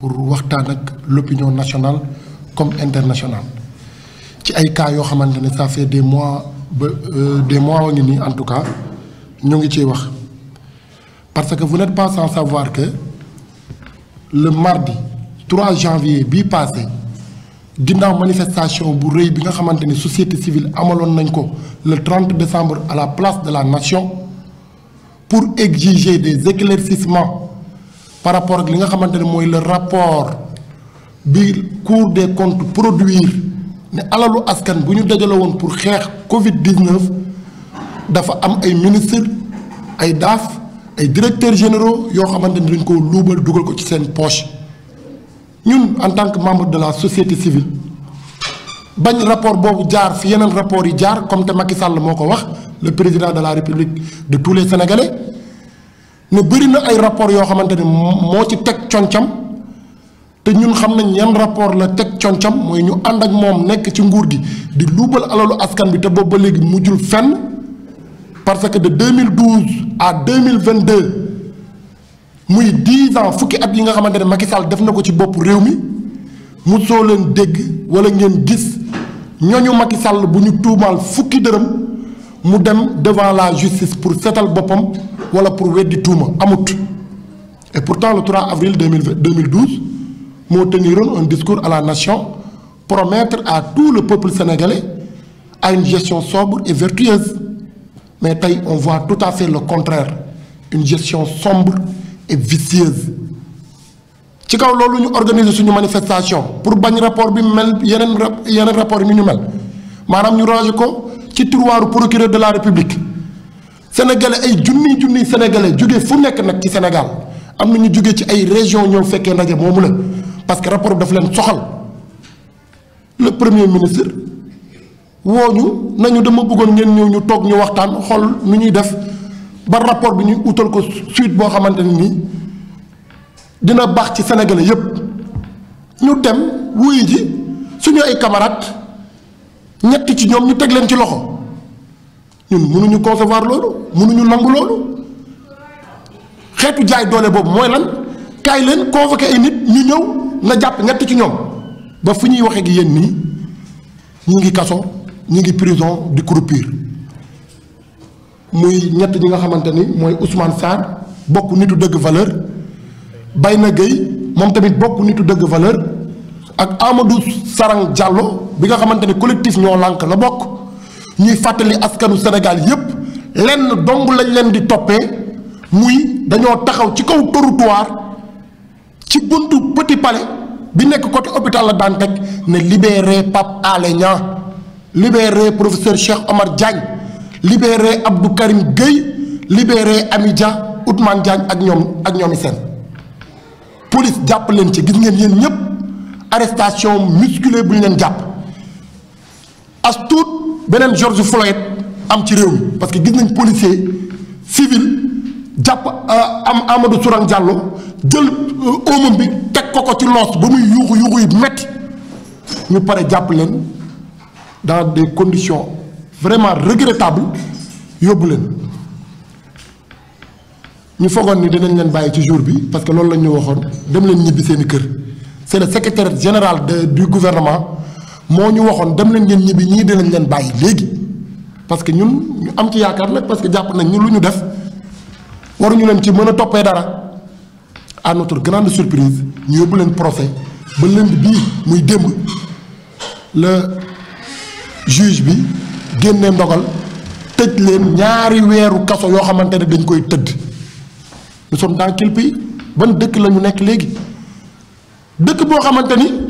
pour waxtaan l'opinion nationale comme internationale ci ay cas ça fait des mois euh, des mois en tout cas ñu ngi parce que vous n'êtes pas sans savoir que le mardi 3 janvier bi' passé ginnaaw manifestation bu rëy bi nga société civile amaloon nañ le 30 décembre à la place de la nation pour exiger des éclaircissements par rapport ak li nga xamante ne mooy le rapport bi Cour des comptes produire ne alalu askan bu ñu dajale woon pour xeex Covid 19 dafa am ay ministre ay daaf ay directeurs généraux yoo xamante ni dañ ko luubal dugal ko ci seen poche ñun en tant que membre de la société civile bañ rapport boobu jaar fi yeneen rapport yi jaar comme te Macky sàll moo ko wax le président de la République de tous les Sénégalais. ne bëri na ay rapport yoo xamante ne moo ci teg concam te ñun xam nañ yan rapport la teg concam mooy ñu ànd ak moom nekk ci nguur gi di luubal alalu askan bi te boobu ba léegi mujjul fenn parce que de deux mille a mille vingt 2022 muy 10 ans fukki at yi nga xamante ne Macky Sall def na ko ci bopp réew mi mu soo leen dégg wala ngeen gis ñooñu Macky Sall bu ñu tuumaal fukki dërëm. nous dem devant la justice pour seetal boppam wala pour wedi touma amout et pourtant le 3 avril 2012 nous tenirons un discours à la nation promettre à tout le peuple sénégalais à une gestion sobre et vertueuse mais on voit tout à fait le contraire une gestion sombre et vicieuse ci kaw nous ñu organiser manifestation pour le rapport bi mel yeneen rapport minimal. manam ñu ci tiroiru procureur de la république sénégalais ay junniy junniy sénégalais jóge fu nekk nag ci Sénégal am na ñu jóge ci ay région ñoo fekkee ndaje moomu la parce que rapport bi daf leen soxal le premier ministre wooñu nañu dama bëggoon ngeen ñëw ñu toog ñu waxtaan xool nu ñuy def ba rapport bi ñuy utal ko suite boo xamante ne nii dina baax ci sénégalais yépp ñu dem wuyu ji suñu ay camarades ñett ci ñoom ñu teg leen ci loxo ñun mënuñu concevoir loolu munuñu nangu loolu xeetu jaay doole boobu mooy lan kaay leen convoqué ay nit ñu ñëw nga jàpp ñett ci ñoom ba fu ñuy waxee gi yéen nii ñu ngi kaso ñu ngi prison di croupir muy ñett ñi nga xamante ni mooy Ousmane Sarr bokk nitu dëgg valeur bay na Gueye moom tamit bokk nitu dëgg valeur ak Amadou Sarang Diallo bi nga xamante ni collectif ñoo lànk la bokk ni fatali askanu Sénégal yépp lenn dong lañ leen di toppee muy dañoo taxaw ci kaw trottoir ci buntu Petit Palais bi nekk côté hôpital La ne libéré Pape Alé libéré professeur Cheikh Omar Diagne libéré Abdou Karim Gueye libéré Ami Dia Ousmane Diagne ak ñom ak ñomi police japp leen ci gis ngeen ñépp arrestation musculée bu ñu leen as benen George Floyd am ci réew parce que gis nañ policier civil japp euh, am Amadou Sourang Diallo djel euh, óomam bi tek ko ko ci loos bu muy yuuxu yi metti ñu paré japp len dans des conditions vraiment regrettables yobul len ñu fogon ni dinañ len bayyi ci jour bi parce que loolu lañ ñu waxoon dem len ñibi seen kër c'est le secrétaire général de du gouvernement moñu ñu dem nañ ngeen ñibbi ñii dinañ leen bayyi léegi parce que ñun ñu am ci yaakar nak parce que japp nañ ñu luñu def waru ñu leen ci mëna topé dara à notre grande surprise ñu yóbbu leen procès ba lënd bi muy demb le juge bi génne ndogal tëj leen ñaari wéru kaso yo xamantene dañ koy tëdd nous sommes dans quel pays ban dëkk la ñu nekk légui dëkk bo xamanteni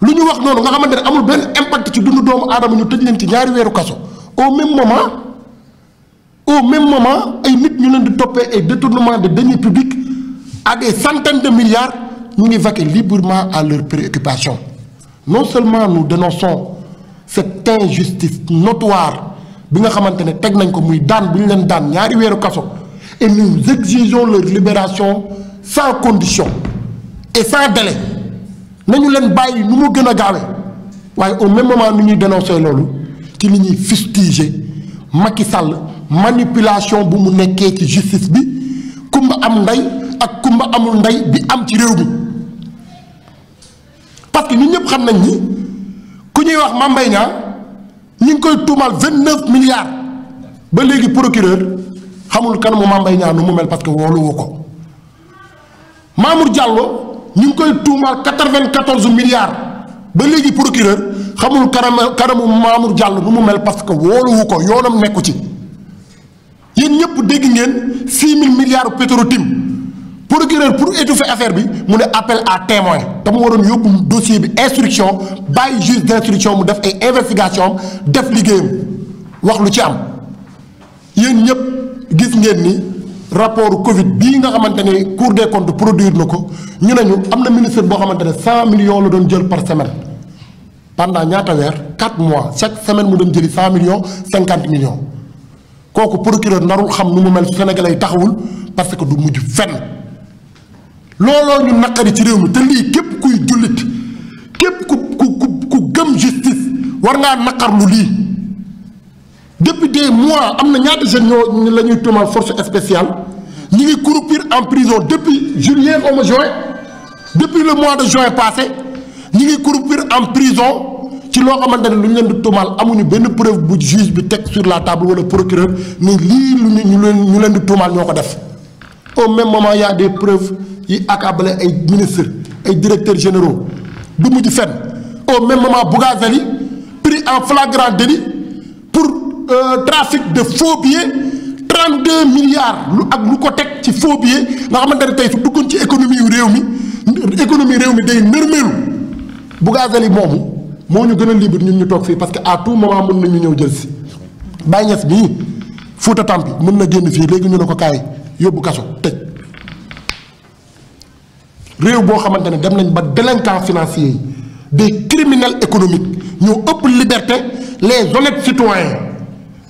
lu ñu wax noonu nga xamantene amul ben impact ci dundu doomu adam ñu tejj ci ñaari weeru kasso au même moment au même moment ay nit ñu leen di toppee ay détournement de deniers publics à des centaines de milliards ñu ngi vaquer librement à leurs préoccupations non seulement nous dénonçons cette injustice notoire bi nga xamantene ne nañ ko muy daan bu ñu leen daan ñaari weeru kasso et nous exigeons leur libération sans condition et sans délai. nañu leen bàyyi nu mu gën a gaawee waaye au même moment nu ñuy dénoncer loolu ci li ñuy fustiger Macky Sall manipulation bu mu nekkee ci justice bi kumba am ndey ak kumba amul ndey bi am ci réew mi parce que ñun ñëpp xam nañ ni ku ñuy wax Mame Mbaye Niang ñi ngi koy tuumal vingt neuf milliards ba léegi procureur xamul kanamu Mame Mbaye Niang nu mu mel parce que woolu woo ko Mamour Diallo. ñu ngi koy tuumaal quatre-vingt-quatorze milliards ba léegi procureur xamul kanam kanamu Mamour jàll bu mu mel parce que wóoluwu ko yoonam nekku ci yéen ñëpp dégg ngeen six mille milliards Petro-Tim procureur pour étouffer affaire bi mu ne appel à témoin te mu waroon yóbbu dossier bi instruction bàyyi juge d'instruction mu def ay investigation def liggéeyam wax lu ci am yéen ñëpp gis ngeen ni. rapport Covid cours nga cours des comptes produire produits, ministre de millions de par semaine pendant 4 quatre mois chaque semaine nous avons 100 100 millions 50 millions le procureur narul xam nu mu Sénégalais parce que nous sommes fenn ñu ci justice war depuis des mois y y des jeunes qui la force spéciale Ils ngi croupir en prison depuis juillet au mois juin depuis le mois de juin passé ils ngi croupir en prison ci ont xamante ne lu de leen di tuumal des benn preuve juge sur la table ou le procureur Mais ils lu ñu leen au même moment il y a des preuves yi accablé les ministres les directeurs généraux du au même moment a pris en flagrant délit euh, trafic de faux billets 32 milliards lu ak lu ko teg ci faux billets nga xamante ne tey su ci économie yu réew économie réew day nërmeelu Bougazelli libre ñun ñu toog parce que à tout moment mën nous ñëw jël si Baye à bii Fouta Tampi mën na nous fii léegi ñu ne le kaay yóbbu kaso tëj réew boo dem ba délinquants financiers des criminels économiques nous ëpp liberté les honnêtes citoyens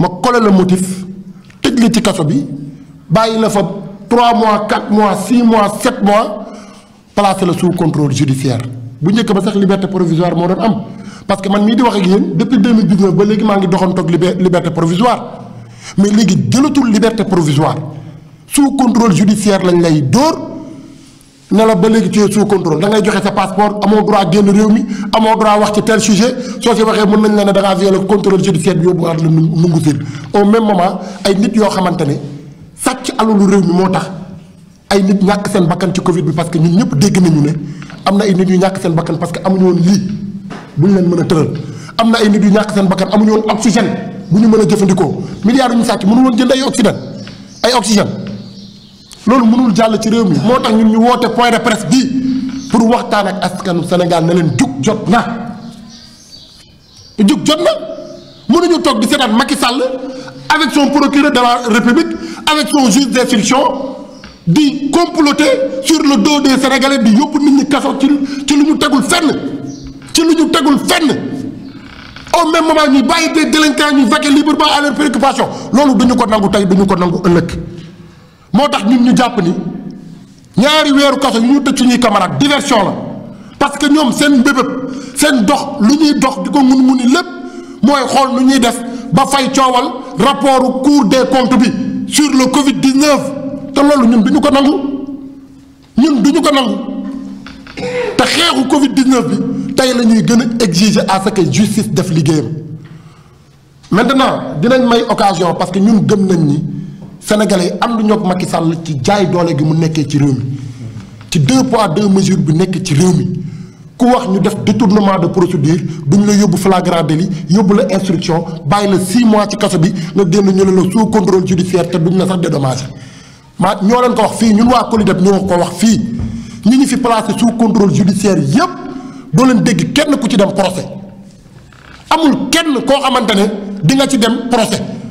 ma colle le motif tout la ci kaso bi bàyyi fa 3 mois 4 mois 6 mois 7 mois place le sous contrôle judiciaire Si vous ba une liberté provisoire moo doon am parce que man mii di wax depuis 2019 ba léegi maa ngi doxantoog liberté provisoire mais léegi jëlatul liberté provisoire sous contrôle judiciaire lañ lay ne ba tu sous contrôle da ngay joxe sa passeport le droit génn réew mi droit wax ci tel sujet so ci waxee mën nañ la ne da violé contrôle judiciaire bi yóbbu waat la nungu siin au même moment ay nit yo le droit de lu réunir. mi ay nit ñak sen bakkan ci Covid bi parce que ñun ñep dégg nañu né amna ay nit yu ñak sen bakkan parce que amuñu de li buñu leen mëna teural amna ay nit yu ñak sen bakkan amuñu oxygène nous mëna jëfëndiko milliards ñu sacc mënu won jënd oxygène ay oxygène loolu mënul jall ci réew mi moo ñun ñu woté point de presse bi pour waxtaan ak askanu Sénégal na leen jug jot na jug jot na mënuñu toog di sétat Macky Sall avec son procureur de la République avec son juge d'instruction di comploter sur le dos des Sénégalais di yop nit ñi kasso ci ci lu ñu tagul fenn ci lu ñu tagul fenn au même moment ñu bàyyi des délinquants ñuy vaquer librement à leur préoccupation loolu duñu ko nangu tay duñu ko nangu ëllëg motax ñun ñu japp ni ñaari camarade diversion parce que nous, sommes mbébét seen dox lu ñuy dox diko mënu lepp moy def ba fay des comptes sur le Covid 19 nous sommes ñun nous ko nangu ñun duñu ko nangu Covid 19 bi tay lañuy gëna exiger à ce que justice def liggéeyam maintenant dinañ may occasion parce que nous, gëm nañ sénégalais yi am lu ñoog Macky Sall ci jaay doole gi mu nekkee ci réew mi ci deux poids deux mesures bi nekk ci réew mi ku wax ñu def détournement de procédure buñ la yobbu flagrant délit yobbu la instruction bay la 6 mois ci kasso bi nga dénd ñu la sous contrôle judiciaire té duñ la sax dédommagé ma ño leen ko wax fi ñun wa Colideb ñoo ko wax fi ñi ñu fi placé sous contrôle judiciaire yépp do leen dégg kenn ku ci dem procès amul kenn ko xamante di nga ci dem procès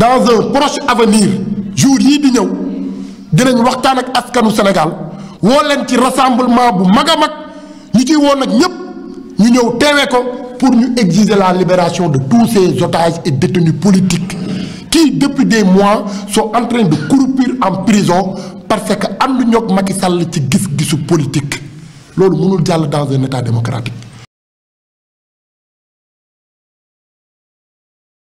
dans un proche avenir jour yi di ñew dinañ waxtaan ak askanu Sénégal wo len ci rassemblement bu a mag ñu nous woon ñu ñew téwé ko pour nous exiger la libération de tous ces otages et détenus politiques qui depuis des mois sont en train de croupir en prison parce que ànduñu ñok Macky Sall ci gis-gisu politique loolu mënul jall dans un état démocratique.